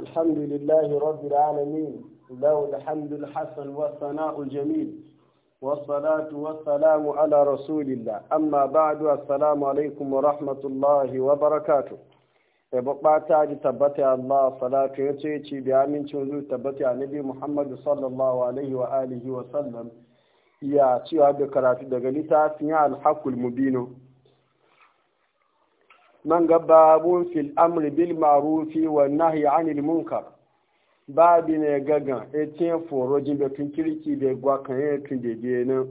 الحمد لله رب العالمين له الحمد الحسن والثناء الجميل والصلاة والسلام على رسول الله أما بعد السلام عليكم ورحمة الله وبركاته bukata ji tabbata Allah salatu ya ce ci bi amincin zuwa tabbata annabi Muhammad sallallahu alaihi wa alihi wa sallam ya cewa da karatu daga littafin al-Haqqul Mubin man ga babun fil amri bil ma'rufi wa nahi anil munkar babi ne gagan etin foro jimbe tun kirki da gwakan ya tun da biyanin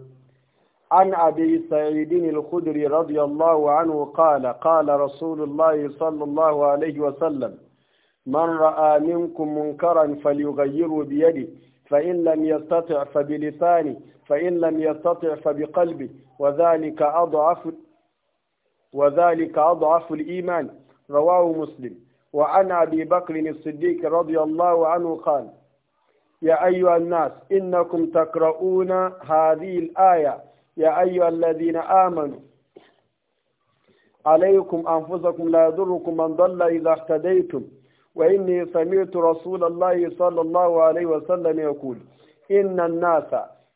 an abi sa'idin al-khudri radiyallahu anhu qala qala rasulullah sallallahu alaihi wa sallam man ra'a minkum munkaran falyughayyirhu bi yadihi fa in lam yastati' fa bi lisani fa in lam yastati' fa bi qalbi wa dhalika adhafu وذلك أضعف الإيمان رواه مسلم وعن أبي بكر الصديق رضي الله عنه قال يا أيها الناس إنكم تقرؤون هذه الآية يا أيها الذين آمنوا عليكم أنفسكم لا يضركم من ضل إذا اهتديتم وإني سمعت رسول الله صلى الله عليه وسلم يقول إن الناس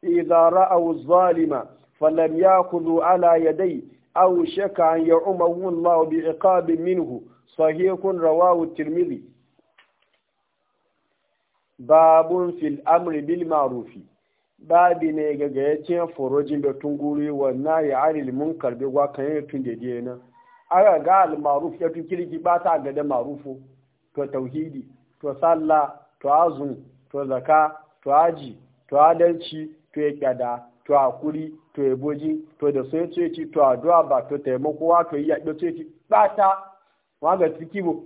إذا رأوا الظالم فلم يأخذوا على يديه aw shaka an yacumahu llahu biciqaabin minhu sahiihun rawaahu tirmidi baabun fi lamri bilmacruufi baabi neegagayeteen forojinbe tunguri wannaahi ani lmunkar be wa kaye tunde diyena aga gaal macruuf yatu kiligi ɓaata gade macruufu to tawhidi to salla to azum to zaka to aji to adalci to eƙada to a kuri to yeboji to da sai ceci to duwa ba to taimako wa to ya do ceci bata wa ga tikibo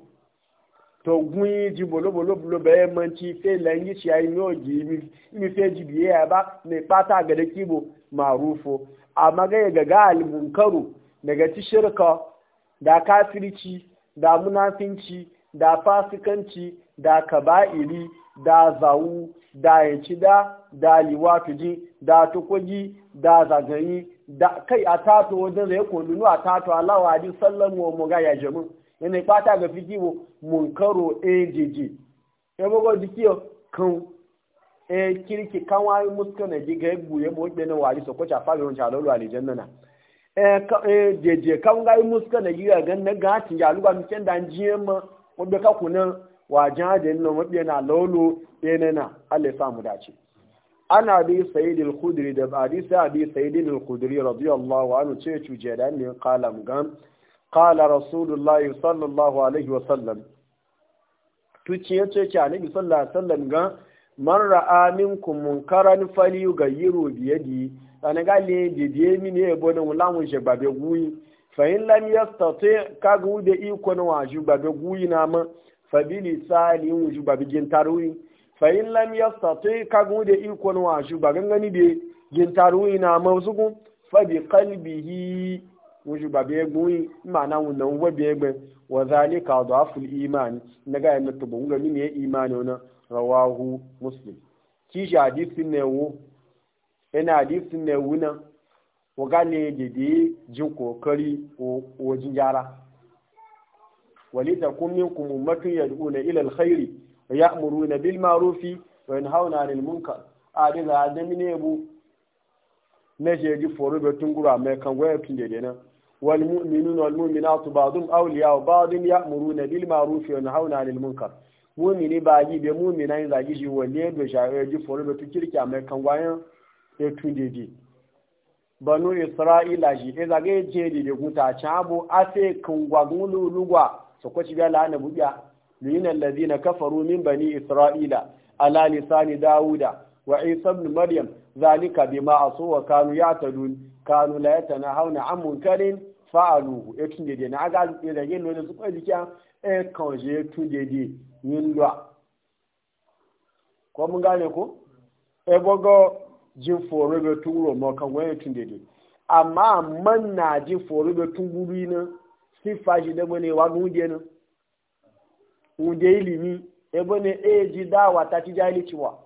to gun ji bolo bolo bolo be manci fe langi ci ai no ji mi mi fe ji biye ba ne pata ga da kibo marufo amma ga ga ga almunkaru daga ci shirka da kafirci da munafinci da fasikanci da kaba'iri da zawu da yanci da da tuji da tukuji da zagayi da kai a tato wajen zai kundunu a tato alawa jin sallan wa mu gaya ya jamu yana fata ga fiki mun munkaro ajj e ya e bugo jiki kan e kirki kan wani muska na ji ga buye e ya wajen na wari so ko cha fa ron cha a alijanna nana e kan ga muska na ji ga na gati ya luga mi kenda njiye ma ko ka kunan wajen ajin na mabiyana lolo yana na Allah ya samu dace ana bi sayyidil khudri da abi sa'bi sayyidil khudri radiyallahu anhu ce cuje da ne qalam gam qala rasulullahi sallallahu alaihi wa sallam tuci ya ce ki annabi sallallahu alaihi wa sallam ga man ra'a minkum munkaran falyughayyiru bi yadi ana ga le de de mi ne bo na mulamun je babe guyi fa in lam yastati ka gude iko na waju babe guyi na ma fa bi wuju waju babe gintaruyi fa'in lam yastati kagun da ikon wa shi ba gangani be gintaru ina mazugun fa bi qalbihi wuju ba be gwi mana wannan wa be gbe wa zalika daful iman naga ya mutu bunga min ya imani na rawahu muslim ki shi hadisin ne wu ina hadisin ne wuna wa gane dede jin kokari ko wajin yara ولتكن ya أمة يدعون إلى الخير ya'muruna bil ma'rufi wa yanhauna 'anil munkar a da za da mine bu na je ji foro be tungura mai kan goya tunde de na wal mu'minuna wal mu'minatu ba'dhum awliya'u ba'dhum ya'muruna bil ma'rufi wa yanhauna 'anil munkar mumini ba ji be mumina yin zagi ji wanne be shawe ji foro be tukirki mai kan goya ya tun de banu isra'ila shi e zage je de guta chabo ase kan gwagulu lugwa so ko ci ga la na buya من الذين كفروا من بني إسرائيل على لسان داود وعيسى بن مريم ذلك بما عصوا وكانوا يعتدون كانوا لا يتناهون عن منكر فعلوه يكن دي نا غا يدي نو دي سوكو دي كان اي كان جي تو دي دي نين لو ko mun gane ko e bogo jin foro be turo mo kan waye tun dede amma man na jin foro be tunguri na sifa ji da bane wa gudi na hunde ilimi ebe ne e ji dawa ta ci jahilciwa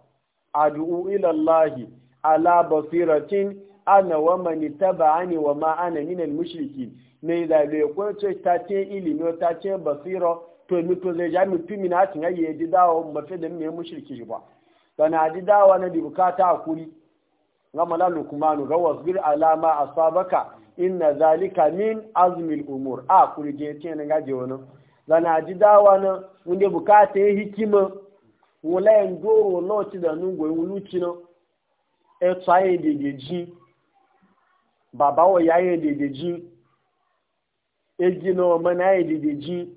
adu'u ila ilallahi ala basiratin ana wa mani taba'ani wa ma ana minal mushriki ne da le ko ce ta ce ilimi ta ce basira to mi to zai jami tumi na tin ayi ji dawa mu fe da mi mushriki ba a ji dawa na di bukata kuri ngama la lukmanu ga wasbir ala ma asabaka inna zalika min azmil umur a kuri je tin ga je wannan zana ji dawa na wunde bukata ya e hikima wula yin e doro na ci da nungwe wuluci na etu e tsaye dedeji baba wa yaye dedeji eji na na mana ya e dedeji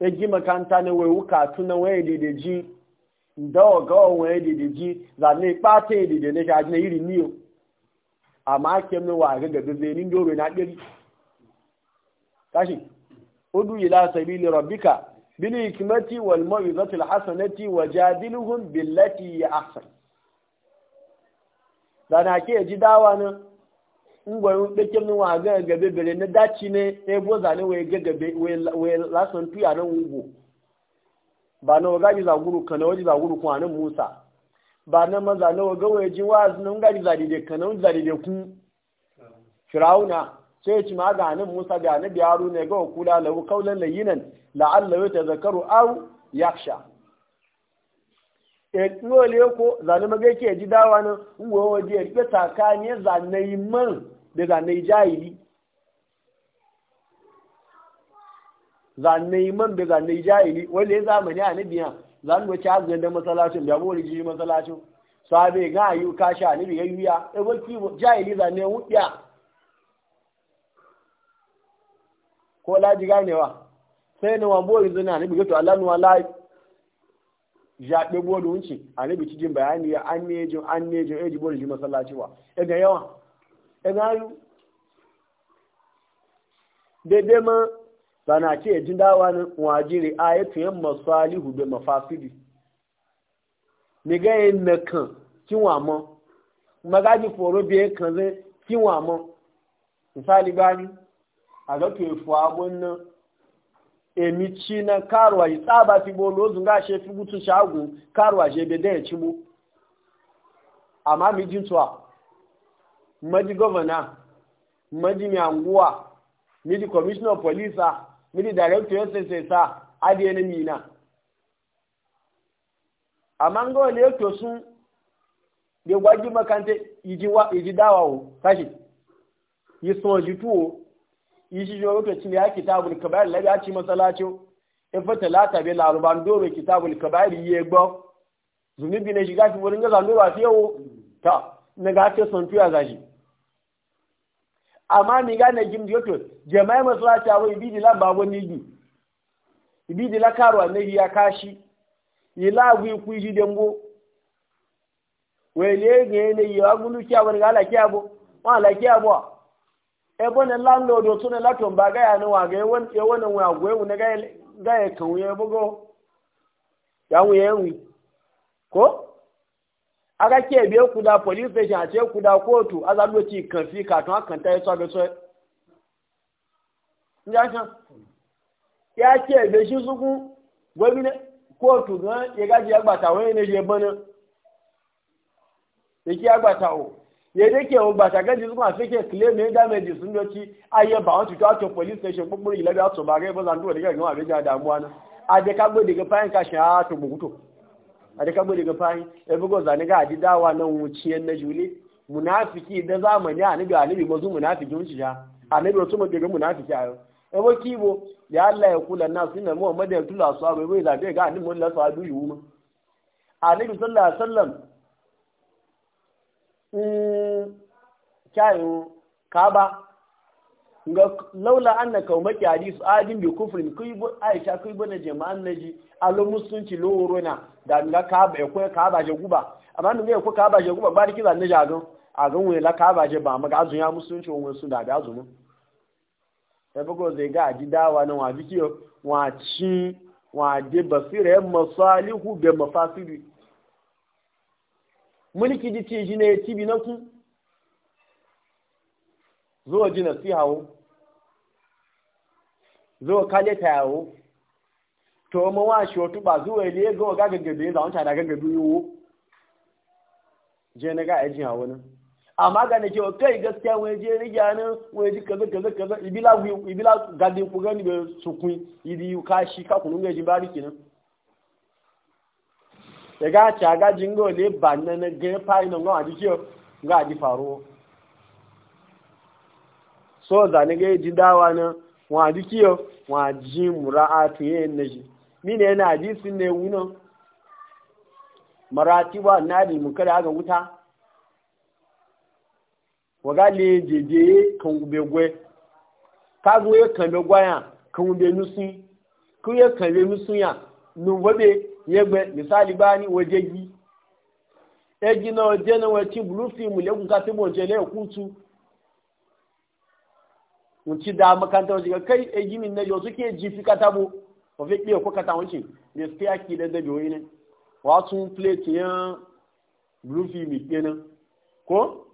eji makanta na wai wuka tuna wai dedeji nda oga onwe dedeji zana ikpata ya dede na shaji na iri niyo amma ake mna wa ga gaga zai ni doro na ɗari tashi udu ila sabili rabbika bil hikmati wal mawizati al hasanati wajadilhum billati ahsan dana ke ji dawa nan ngwayin ɗakin nuwa ga gabe bere na daci ne ya bo zane wai ga gabe wai lasan tuya nan ugo ba na waga ji zaguru kana waje zaguru kuma nan musa ba na maza na ga wai ji wa nan gaji zadide kana waje zadide kun firauna sai ci ma ga nan Musa ga nabi ne ga kula lahu qawlan layyinan la'alla Zakaru aw yaksha. e dole ko zalima ga yake ji dawa nan uwa waje ya rike takani zanai man da zanai jahili zanai man da zanai jahili wanda ya zamani a nabiya zan wace azan da masalacin da bori ji masalacin. sabe ga ayu kasha nabi ga yuya e wani jahili zanai wuya ko laji ganewa sai ni wambo yanzu na nabi gato alanu ala jaɓe bolu wunci a nabi cikin bayani ya an ne jin an ne jin eji bolu ji masallaci wa ɗaga e yawa ɗaga e yu daidai ma sana ce jin dawa na wajiri a ya tuye masalihu da mafasidi ni ga yin na kan kinwa mo magaji foro biye kan zai kinwa mo misali bani a ga to fuwa wannan emici na karuwa yi tsaba fi bolo zun ga shefi gutun shago karuwa she bede ya cimo amma mijin tuwa maji governor maji mai anguwa midi commissioner police, midi director sssa adiye na mina amma ga wani yato e sun da gwaji makanta iji dawa o kashi yi sun ojitu o yishi jo lokaci ya kitabul kabair la ya ci masalacin ifa talata be do be kitabul kabair ye gbo bi ne shiga shi wurin ga ndo ba fiyo ta na ga ce son tuya gashi amma mi ga ne jim yoto jama'i masalacin awai bidi la babo ni gi ibidi la karo ne ya kashi ila gwi kuji dembo wele ne ne ya gulu kiya wani ga la kiya bo wa la kiya bo ebe ne landlord otu ne latin ba gaya ne waga ewo wani wa agwa na gaya kan wuye bugo ya ya enwi ko aka ke biye kuda police station a ce e kuda kotu a oti kan fi katon akanta e ya yi tsaga tsaye ya ce da shi suku gwamnati kotu gan ya gaji ya wani ne je bana ya ki ya o yẹ́dẹ́ kí ẹ̀wọ̀n gbàṣà kẹ́jì sùkùn àfikẹ́ claim ní damages ń lọ sí ayé bá wọn tutọ́ àtọ̀ police station gbogbo ìlẹ́bẹ̀ àtọ̀bà rẹ̀ bọ́sà tó wọ̀dẹ́gẹ̀ gan àbẹ́jà àdàmú àná adekagbodege fayin kashin a to buguto adekagbodege fayin ebugo zaniga adidawa nan dawa na jule munafiki da zamani anabi anabi mazu munafiki mun shiga anabi wasu mu daga munafiki ayo ebo bo ya Allah ya kula na sunna Muhammad ya tula su abai bai zabe ga anabi mun la su adu yuma anabi sallallahu alaihi wasallam kyayin kaba ga laula na kaumaki hadis adin bi kufrin kai bu aisha kai bu na jama'an naji alo musunci lo worona da ga kaba ya koyi kaba je guba amma nun ga ko kaba je guba ba kiza zanne jagon a gan wela kaba je ba maga azun ya musunci won su da da azun sai e bugo zai ga aji dawa na wa biki wa ci wa de basira e masalihu be mafasidi mulki ji ce shi ne ya ci binan ku zuwa ji nasiha wo zuwa kale ta yawo to ma wa shi wato ba zuwa ile ga ga gaggabe za wanta da gaggabe yiwo je na ga ajin hawo nan amma ga ne cewa kai gaskiya wani je rigya nan wani ji kaza kaza kaza ibila ibila gadin ku gani be sukun idi yi kashi ka kunun ga jin daga ci aga jingo le ba na na ga fai na ngwa ji kiyo ga ji faro so za ne ga ji dawa na wa ji kiyo wa ji mura'atu yin na ji ni ne na ji sun ne wuno maratiba na di mun kada ga wuta waga le jeje kan gbegwe ka gwe kan gbegwa ya kan gbe nusun kuye kan gbe nusun ya nu yegbe misali bani waje gi egi na waje na wace blue film legun ka ti bonje le kutu da makanta waje kai egi min na yozu ke ji fi katabo ko fe ko kata wace ne fi da dabi wani wa tun plate yan blue film kenan ko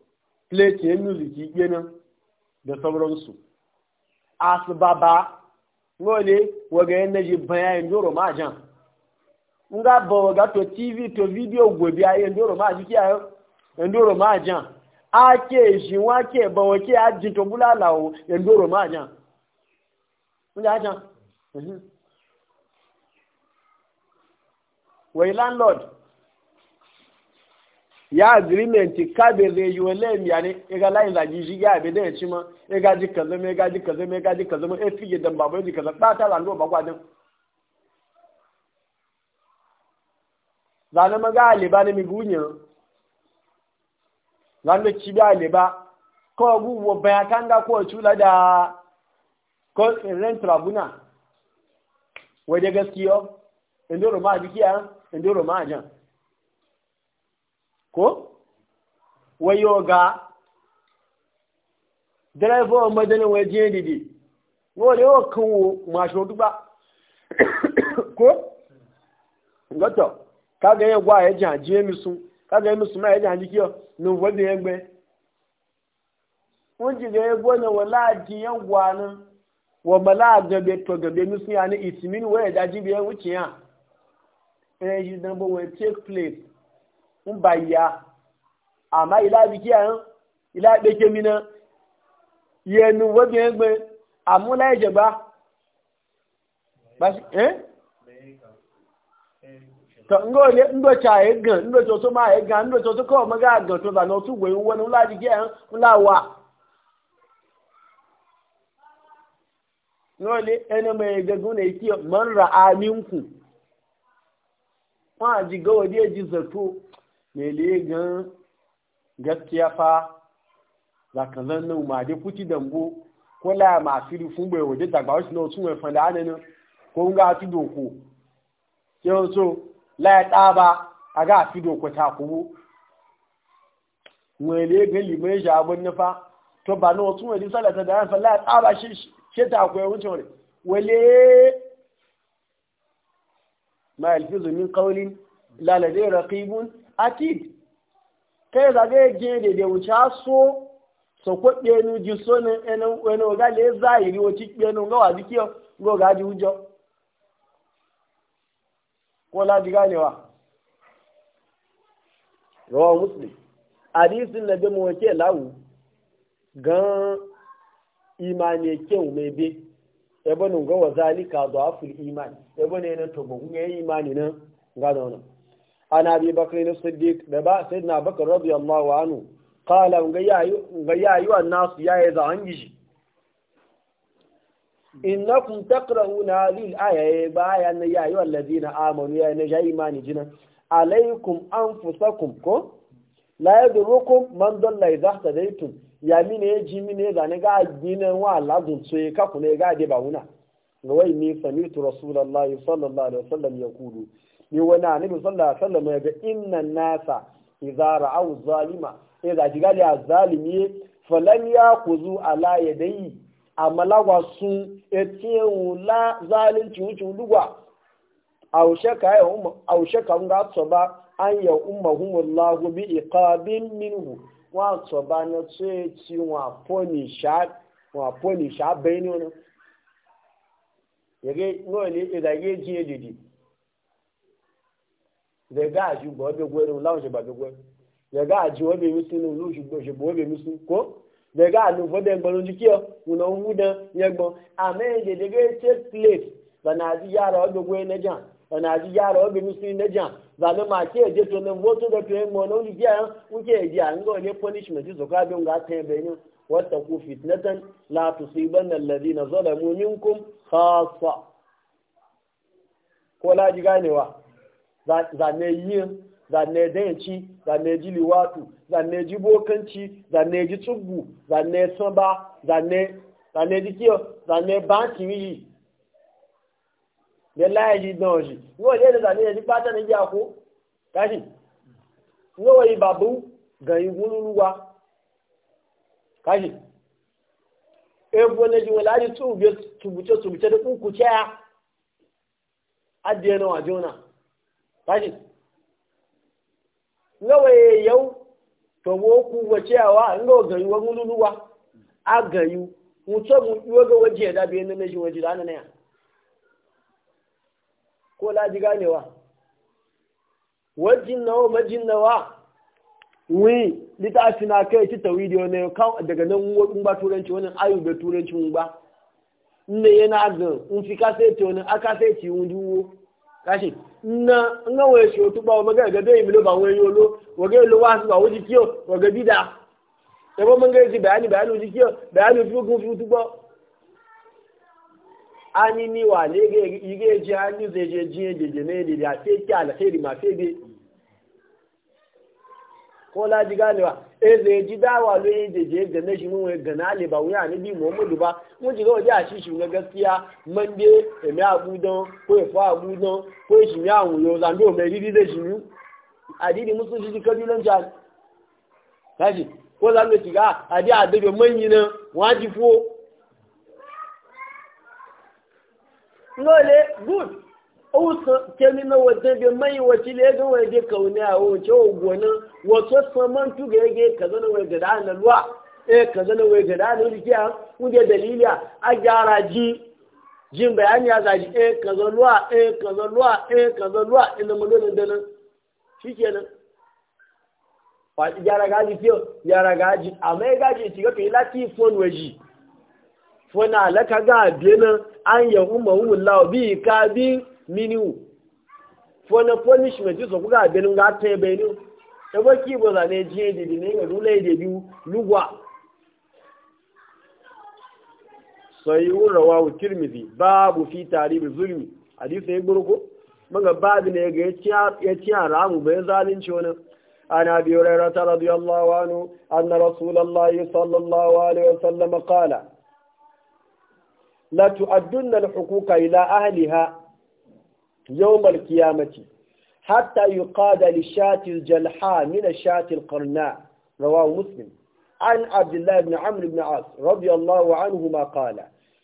plate yan music kenan da sauransu asbaba ngole waga yan naji bayanin doro majan nga bọ̀wọ̀ ga to tv to video gobe a yin doro ma jiki a yin doro ma jan a ke shi wa ke bọ̀wọ̀ ke a ji to bulala o yin doro ma jan nga jan mhm. wai landlord ya agreement kabe zai e yi wale miya ne iga layin zagi shi ya abin da ya ci ma iga e ji kazo mai iga e ji kazo mai iga ji kazo mai efi gidan babu ya ji kazo ba ta landlord ba kwadin zane maga aliba ne migunyin zane cibi aliba ko gubo bayakan ga ko e cula da ko tsirin e tribuna wadda gaskiyo inda e roma a jikiya inda roma a jan ko wayo ga direban madanin wajen didi wọ́n o kún wo mọ̀ àṣọ dúgbà ko? ngọ́tọ̀ kaga ya gwa ya jan jiye misu kaga ya misu ma ya jan jikiyo nun wadda ya gbe kun ji ga ya gwana wala jiyan gwanin wa mala gabe to gabe misu ya ni itimin waya daji biyan wuce ya eh ji dan bo we take place un bayya amma ila bikiya ila dake mina yenu wadda ya gbe amula ya jaba ba eh to ngo le ndo cha e gan ndo to so ma e gan ndo to so ko ma ga gan to ba no tu we won la di je la wa ga gun e ti man ra aminku ma ji e e ga de ji zato mai le gan gaskiya fa zan nan ma de kuti dambo ko la ma firi fun gbe o dagba o si no tun ko nga ti doko je so láyẹ̀tá bá aga àfidò kò takowó wọ́n lè gẹ́ gali ìṣà abun nufa to bá náà tún wọ́n da yánfà láyẹ̀tá shi ṣe takowó yawancin wuce wani lè ma yalfizu min qawlin la ladayhi ka atid kai zage je da da wuce so so ko ɗenu ji so ne wani eno ga le zahiri o ti ga wa dikiyo ga ji ujo ko laji ganewa rawa muslim hadisin na bi mu wake lawu gan imani kyau mai bi ebe nun ga wa zalika da iman ebe ne nan to gun ga imani nan ga da wannan ana bi bakri na siddiq da ba sayyidina bakr radiyallahu anhu qala ga yayu ga yayu annas yayi da an innakum taqra'una hadhihi al-aya baya na ya ayyuhal ladina amanu ya na ya imani jina alaikum anfusakum ko la yadurukum man dalla idha tadaytum ya mine ji mine ga ne ga gina wa ladun so ka ku ne ga de ba wuna ga wai ni tu rasulullahi sallallahu alaihi wasallam yaqulu ni wana nabi sallallahu alaihi wasallam ya ga inna nasa idza ra'aw zalima idza jigali az-zalimi falan yaquzu ala yadayhi amalagwa sun etiye wula zalunci wuce a aushe ka nga tsoba an ya umma humullahu bi iqabin minhu wa tsoba na tsoye ci wa poni sha bai ne wani yage nwole idage jiye didi zai ga aji gwa obe gwere wula wuce ba gwe ga aji obe musu ne wula wuce gwa obe musu ko daga alufa da gbanu jikiya kuna huda ya gbon amen da daga take place bana ji yara wabe goyi na jan bana ji yara wabe musulmi na jan zane ma ke je to na voto da to yin e mono jikiya yan uke e ji an ga ne punishment su ka bin ga ta yabe ne wata ku fitnatan la tusibanna alladhina zalamu la zane zane dayanci zane ji liwatu zanne ji bokanci zane ji tsubbu zanne saba zanne zanne ji kiyo ne banki yi da layaji don shi yau ne da zanne ji pata ne giya ko kashi yau yi babu gari gululuwa kashi ebo ne ji wala ji tsubbe tsubuce tsubuce da kukuce caya adiyana wa jona kashi ngawa yau to wo ku wace awa ngo ga yuwa mululuwa a ga mutu mu yuwa ga waje ya be nan shi waje da nan ya ko laji ganewa wajin nawa majin nawa wi litafi na kai ci tawidi ne kan daga nan in ba turanci wani ayu da turanci mun ba ne yana ga in fi kaseti wani aka sai ci wujuwo kashi na nga we shi otu ba maga ga dai mi lo ba we yolo wa ga lo wa ba wuji kiyo wa ga bida e bo manga ji bayani bayani wuji kiyo bayani fu ku fu tu ba ani ni wa ne ga yige ji ani ze je ji je ne de ya fe ti alkhairi ma fe bi ko laji ganewa e zai ji dawa lo e je je gane shi mun gana le ba wuya ne bi muhammadu ba mun ji gawa a shi shi ga gaskiya man de e mi abu ko e fa abu ko e shi mi awun yo zan do me ridi de shi mi adidi musu ji ji kabilan ja kaji ko zan lo ti ga adi adebe manyi na waji fo ngole good ousa kemi na waje bi mai wace le ga waje kaune a wace gonan wato saman tu ga yage kaza na waje da na luwa e kaza na waje da na rike a kuje dalili a gyara ji jin bayani ya zaji e kaza luwa e kaza luwa e kaza luwa ina e, magana da nan shikenan fa gyara gaji kiyo gyara gaji amma ya gaji ki ga kai e e lati phone waje phone alaka ga bi nan an yahu mawullahu bi ka bi mini wu fona punishment jizo kuka abeni nga tebe ni tebe kibo za ne ji jie didi ne yo lule ide di lugwa so yi wura wa wu tirmidhi babu fi taribi zulmi hadisi ya gburuku manga babu ne ga ya tiya ramu bai zalunci wani ana bi raira ta radiyallahu anu anna rasulallahi sallallahu alaihi wasallam qala la tu'addunna al-huquqa ila ahliha يوم القيامة حتى يقاد للشاة الجلحاء من الشاة القرناء رواه مسلم عن عبد الله بن عمرو بن عاص رضي الله عنهما قال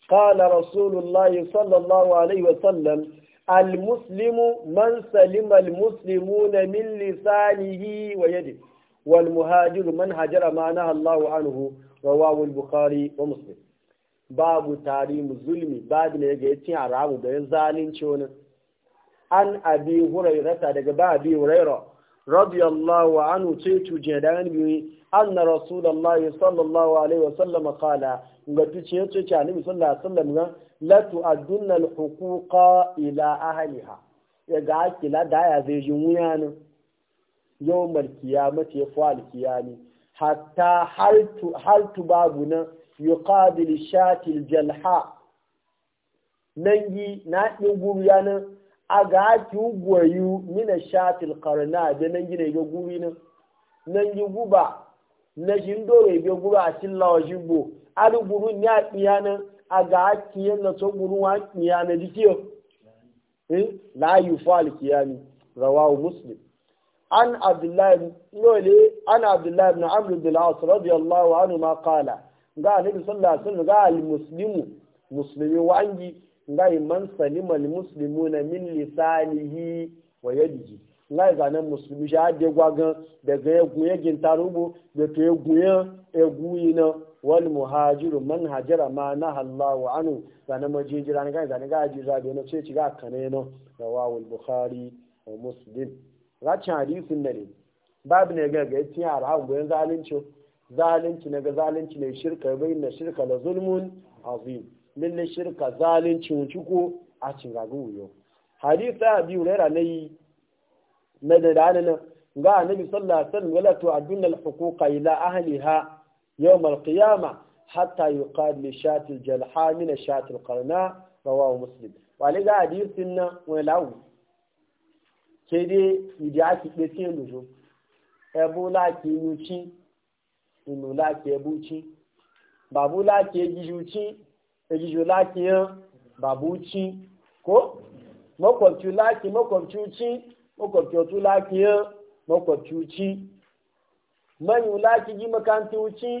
قال رسول الله صلى الله عليه وسلم المسلم من سلم المسلمون من لسانه ويده والمهاجر من هجر ما نهى الله عنه رواه البخاري ومسلم باب تعليم الظلم بعد ما يجي يتي على عبد ظالم شونه an abi hurairata daga ba abi huraira radiyallahu anhu ce tuje da an anna rasulullahi sallallahu alaihi wasallam qala ga tuce ce ce annabi sallallahu alaihi wasallam ga la tu'addunna al-huquqa ila ahliha ya ga kila da ya zai jin wuya ne yawmal qiyamati ya fa'al qiyami hatta haltu haltu babu na yuqabil shatil jalha nan yi na ɗin guru yanan a ga haki gwayu mina shafil karna da nan gina ga guri nan nan yi guba na jin dore ga guba a cin lawa jimbo a ruburu ni a tsiya nan a ga haki yan na to guru wa tsiya na dikiyo eh? la yi fa'al kiyami rawahu muslim an abdullahi lole an abdullahi ibn amr ibn al-as radiyallahu anhu ma qala ga annabi sallallahu alaihi wasallam ga al-muslimu muslimi wa ngai man salima muslimuna min lisanihi wa yadihi ngai zanen musulmi ja de gwagan daga egun yagin tarubu da to egun eguyi na wal muhajiru man hajara ma na Allahu anhu zanen majijira ngai zanen ga jira da na ce ci ga kane no rawahu bukhari wa muslim racin hadisin ne babu ne ga ga tin ara goyen zalunci zalunci ne ga zalunci ne shirka bayin na shirka la zulmun azim lalle shirka zalunci wuce ko a cin wuyo hadisa ya biyu naira na yi na da rana ga annabi sallallahu alaihi wasallam wala tu'addun al-huquqa ila ahliha yawm al-qiyamah hatta yuqad li shat al-jalha min shat al-qarna rawahu muslim wale ga hadisin nan wani lawu ke dai idi ake pese lujo ebu laki yuci inu laki ebuci babu laki ejijuci ejijo lakiyan babuci ko makwabci laki makwabciuci makwabciotu lakiyan makwabciuci manyu laki yi makantuci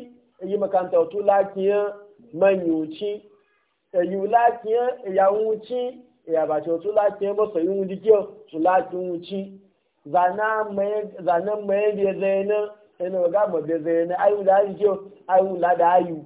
yi makantautu lakiyan manyuci eyu lakiyan yawuci yabacotu lakiyan masoyin wujikiyar su lakin wuci zanen mayan da zai nan yana ga mabe zai ayu da ayu ayu da ayu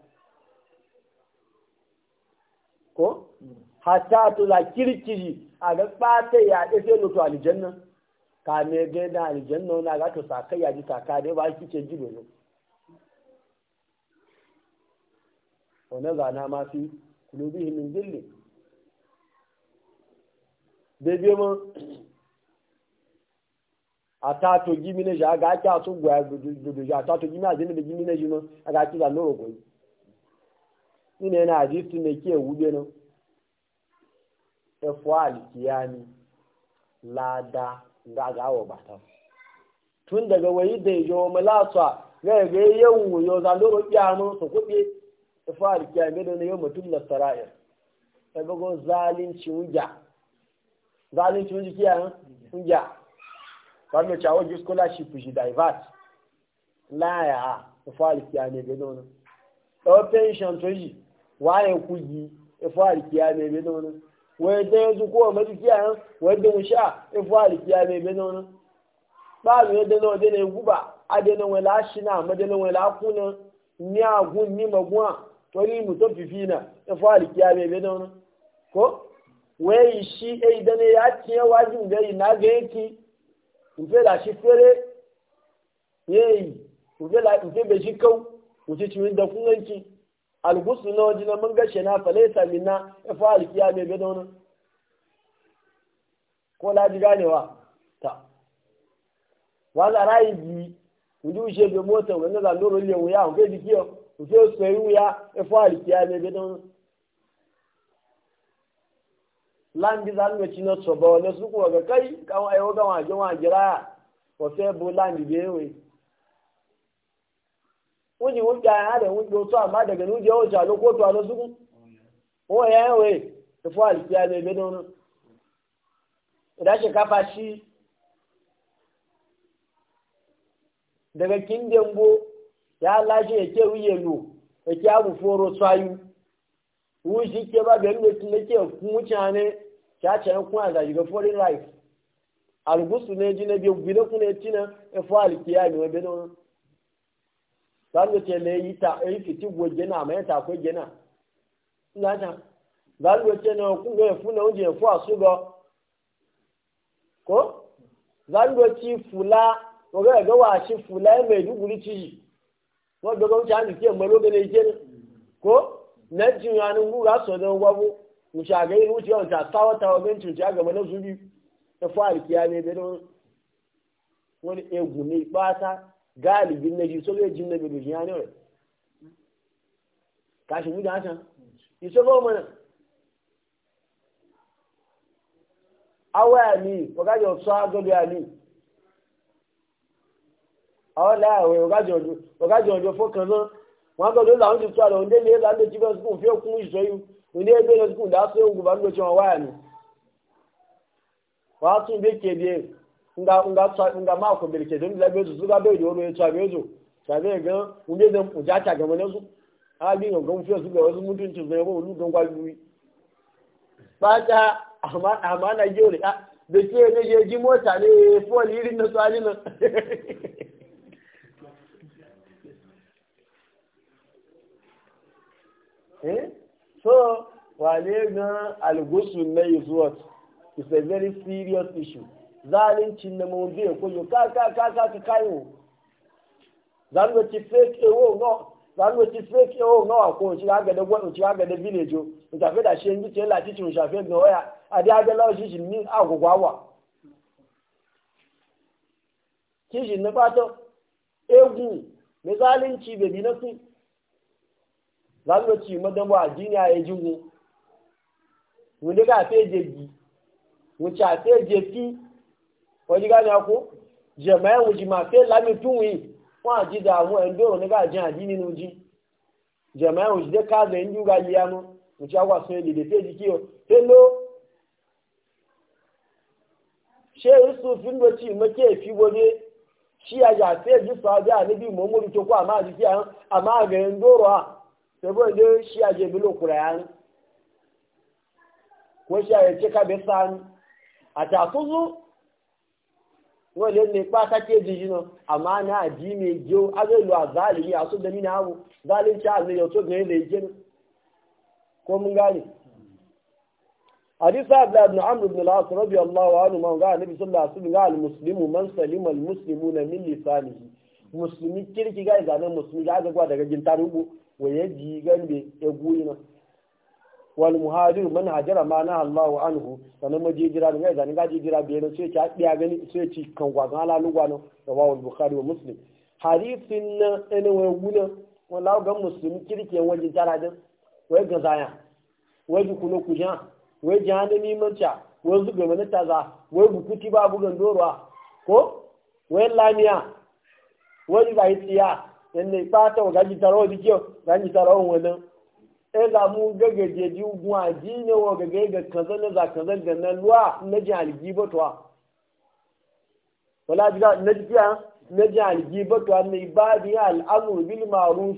ko hmm. hatta tula kirkiri a ga fata ya ɗe sai lutu aljanna ka me ga da aljanna na ga to saka ya ji saka dai ba kike ji dole wannan zana ma fi kulubihim min zilli dai biyo ma ta to gimi ne a ga ta so gwa dudu a ta to gimi azini be gimi ne jino a ga da loro koyi ina na hadisi ne ke wuje nan efuwa alkiyami nga ga gawo bata tun daga wayi da yo malasa ga ga yau yo za lo ya mu su kudi efuwa alkiyami da ne yo mutum na sara'ir sai bago zalunci wuja zalunci wuja kiya wuja wanda chawo ji scholarship ji divert la ya efuwa alkiyami ga don o pension to yi waye kuji ifo alikiya ne be nono wai da yanzu ko ma dukiya yan wai da musha ifo alikiya ne be nono ba mi da na de ne guba ade no wala shina ma de no wala kuna ni agun ni magwa tori mu to na ifo alikiya ne be nono ko wai shi e idan ya tiye wajin da ina ga yake in fe da shi fere yayi in fe la in fe be shi kau mu ci cimin da kunanci algusu na waje na mun gashe na falaita minna ya fa alkiya mai gado nan ko laji ganewa ta wala rayi bi kuji ushe bi mota wanda za nuru le wuya ko bi kiyo ko so wuya ya fa alkiya mai gado nan landi za mu ci na so ba su kuwa ga kai kan ayo ga waje wa jira ko sai bu landi be yi. wuji wuji a hada wuji wasu amma daga nuji yawon jalo ko tuwa na suku o ya yawe ta fi alkiya ya lashe ya ke ya ke abu foro tsayu wuji ke ba ga nuna ke mutane ya ce yan kuna da shiga foreign life algusu ne ji na biyu na kuna ya tina ya fi alkiya mai zan da ce le yi ta yi fiti gojena mai ta ko gena ina ta zan ce na kun ga fu na asu ko zan fula oge ga ga wa shi fula mai duguri ci ko ke malo ga ke ko na ji yanin gura so da wabu mu sha ga iru ci ta tawa tawa ben ci ga ga zubi ta fa alkiya ne da wani egwu ne ba ta galibin na ji so ga jin na bi dojin ya ne wai kashi mu da san iso go mana awa ni o ga jo so ago bi ani awa la we o ga jo o ga jo jo fokan lo won go lo la won ti so lo nde le la le ti be school fi o iso yu nde be lo school da so ogun ba lo ti won wa ni wa tun be kede nga nga tswa nga ma ko bilke don la bezo zuga be do me tswa bezo sabe ga unde dan ujata ga manazu a bi ga gon fiye zuga wasu mutunci zai ba ulu don gwalwi bata amma amma na jore a da ke ne je ji mota ne fuwal irin na tsali nan eh so wale ga algusu na is what is a very serious issue zalincin na mawuzi ya koyo ka ka ka ka ka kayo zango ci fake ewo no zango ci fake ewo no a ko ci ga da gwanu ci ga da village o ta fe da shen gice la ci ci shafe no ya adi aga lawo shi ni agogwawa ki shi na fato egu me zalunci be bi na su zango ci madabo addini a ejingo wunde ka fe jeji wuce a fe jefi wọ́n ni a kú jẹ̀mọ́ ẹ̀wù jì máa fẹ́ lámì tún yìí wọ́n àjíjà àwọn ji nígbà jẹ́ àjí nínú jí jẹ̀mọ́ ẹ̀wù jìdé káàdì ẹ̀ńdú ga yìí yanu nìkí àwọn àsun èdèdè fẹ́ jí kí o ló ṣé tí ìmọ̀kẹ́ àjà sọ tó kọ́ àmà àmà àgbẹ̀ à ṣí àjẹ́ wọ́n lè ní pátá kéjì yìí náà àmà ji jí mi jó agbèlò àzáàlì yìí àtúndẹ̀mí náà wò báàlì tí àlèyàn tó gbẹ̀rẹ̀ lè jẹ́ kó mú gáàlì. àdísá àbúlá ibùn amr ibn al na allah wa anu man gáà níbi sọlá àti gáà almuslimu na musulmi kirki gáà ìzànà musulmi daga ugbo egwu wal muhajir man hajara ma na Allahu anhu sanan maji da ne ga ni gaji jira ne sai ta diya gani sai ci kan gwagan alalu da rawahu bukhari wa muslim hadithin na ene wa guna wala ga muslim kirke waje tara din wai ga zaya wai ku no kuja wai jahannami nimanca wai zuga mana taza wai bukuti ba bugan dorwa ko wai lamiya wai ga itiya tsiya yanne fata wa gaji tarawa dikiyo gaji tarawa wannan ila eh, mu gaga ji guwa ji ne wa gaga ga kaza na za kaza ga na luwa na ji algi batuwa wala ji na ji ya na ji algi batuwa ne ba bi amr bil ma'ruf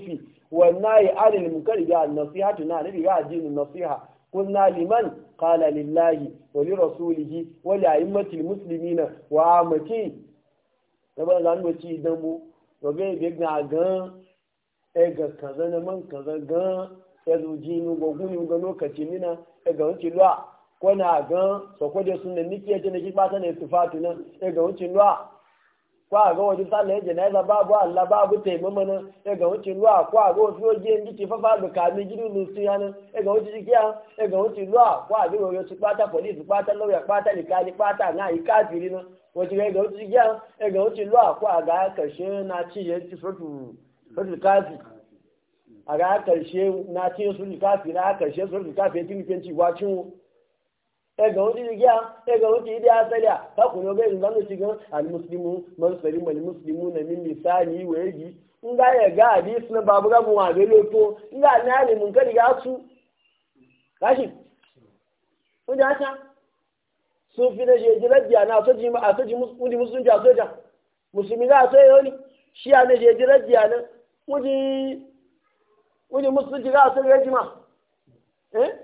wa nahi anil munkar ya nasihatu na nabi ga ajin nasiha kunna liman qala lillahi wa li rasulihi wa li a'immatil muslimina wa amati da ba zan wuce dan mu to ga ga e ga kaza na man kaza ga ya ji ni go ni ga lokaci mina daga wuce ko na ga so ko je sunna niki ya e jina ba ta ne sifatu wuce a ga wajen sallah janaza e babu Allah babu taimama nan daga e wuce luwa ko a ga wasu waje niki fa fa da kami gidu lusu yana daga wuce jikiya daga wuce luwa ko a ga wajen pata police pata lawyer pata likali na ikafiri wuce wuce ko a ga karshe na ci a ga karshe na cin su likafi na karshe su likafi ya tuni fenci wa cin ẹgbẹ̀ ga títí gíà ẹgbẹ̀ wọn títí asẹ́lẹ̀ à kákùnrin ọgbẹ́ ìlú lánàá ti gan àni mùsùlùmù mọ́nsẹ̀rí mọ̀lì mùsùlùmù nà mí nìsá ní ìwé yìí ńgá ẹ̀gá babu gábù wọn àbí lóko ńgá ní àlè mú sun fi na ṣe jirajiya na asoji musulunci asoja musulmi ga asoya yoni shi a na ṣe na wani musulunci za a sun jima eh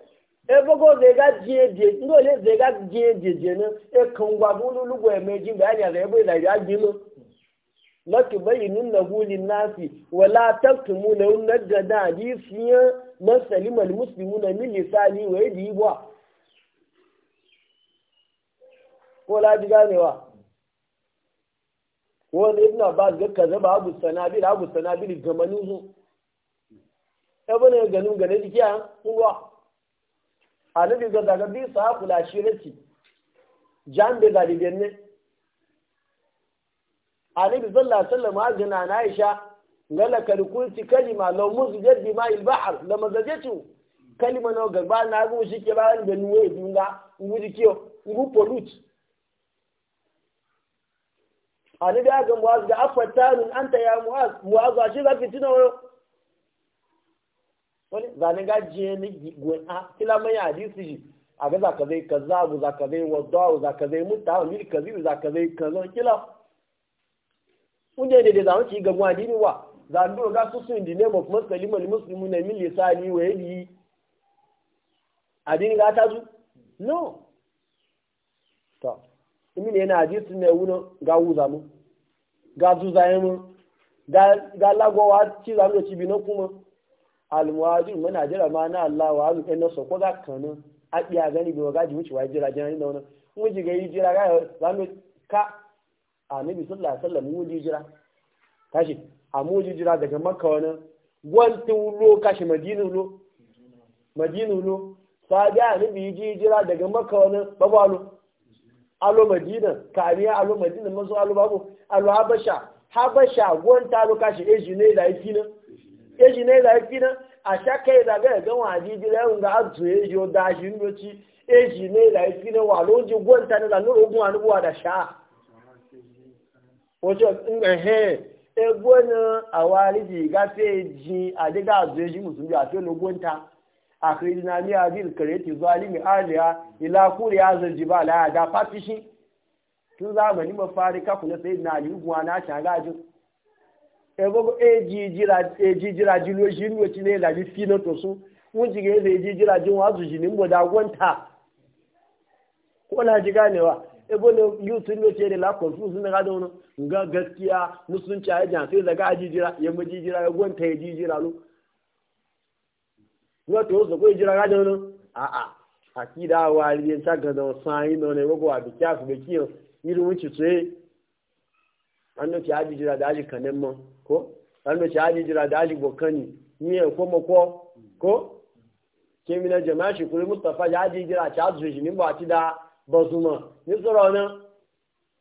ebogo zega jeje ndo le zega jeje na? e kan gwa bulu lugo e meji bayani ala ebo ila ya gino la tubayyinun lahu linnasi wa la taktumuna unna gada hadisiya man salima na min lisani wa yadi wa ko la diga ne wa ko ibn abbas ga kaza ba abu sanabil abu sanabil gamanin ebene ganin gane dikiya ngwa anabi ga daga bi sa kula shirati jambe da dibenne bi sallallahu alaihi wasallam ajina na aisha ngala kal kulti kalima law muzjad jaddi ma al bahr lama zajatu kalima no gaba ba na go shike ba da nuwe dunga ngudi kiyo ngu polut anabi ga muaz ga afatanun anta ya muaz muaz shi za fitina wayo wani zane gajiye ni gona kila mai hadisi shi a ga zaka zai kaza bu zaka zai wadda zaka zai mutta wa mil zaka zai kaza kila kunje da da zamu ga gwa dini wa zan do ga su sun dine mu kuma kalima al muslimuna min lisani wa yadi adini ga ta zu no to hadisi ne wuno ga ga zu ga ga lagowa ci zamu ci bi na kuma almuwajin muna jira ma na Allah wa azu ɗan so ko ka kanu a iya gani bai wagaji wuce wa jira jira da wani mun ji ga yi jira ga zamu ka a nabi sallallahu alaihi wasallam mun ji jira tashi a muji jira daga makka wani wanti lo kashi madina lo madina lo sabi nabi yi jira daga makka wani babu alo madina kariya alo madina mazo alo babu alo habasha habasha gwanta lo kashi ejine da yake eji na ịla ifi na ashaka ịla ga ege nwa ji jiri ahụ ga azụ eji ụda ji nnochi eji na ịla ifi na wa n'oji gwo nta na ịla n'ụlọ ụgbọ anụgbọ da sha ojo ehe egbo na awari ji gafe ji adiga azụ eji musulmi afi n'ugwo nta akiri na ni adil zuwa zalimi aliya ila kuri azal jibala da fatishi tun zamani ni kuna sayyidina ali ugwa na a shagajin ebogo ejijira ejijira jilo jinwe tile la bi to su wunji ga ejijira jin wazu jini mbo da gwanta ko la ji ganewa ebo ne yutu ne ce la confuse ne ga dono ga gaskiya musulunci ya jan sai daga ajijira ya majijira ya gwanta ya lu wa to so ko ejira ga dono a a akida wa ri ta ga do sai no ne gogo abi kya su be tsaye annabi ya da aji kanen ko ranar shi haji jira da haji bokani ni ya koma ko ko ke mina jama'a shi kuri mustapha ya haji jira ta haji shi ni a ti da bazuma ni tsoro na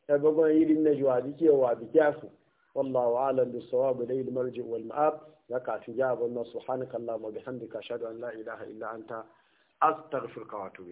ya yi yiri na jiwa bi ke wa bi kyafu wallahu alam bi sawabu da ilmar marji wal ma'ab ya kafin ya abun na subhanaka allahumma bihamdika ashhadu an la ilaha illa anta astaghfiruka wa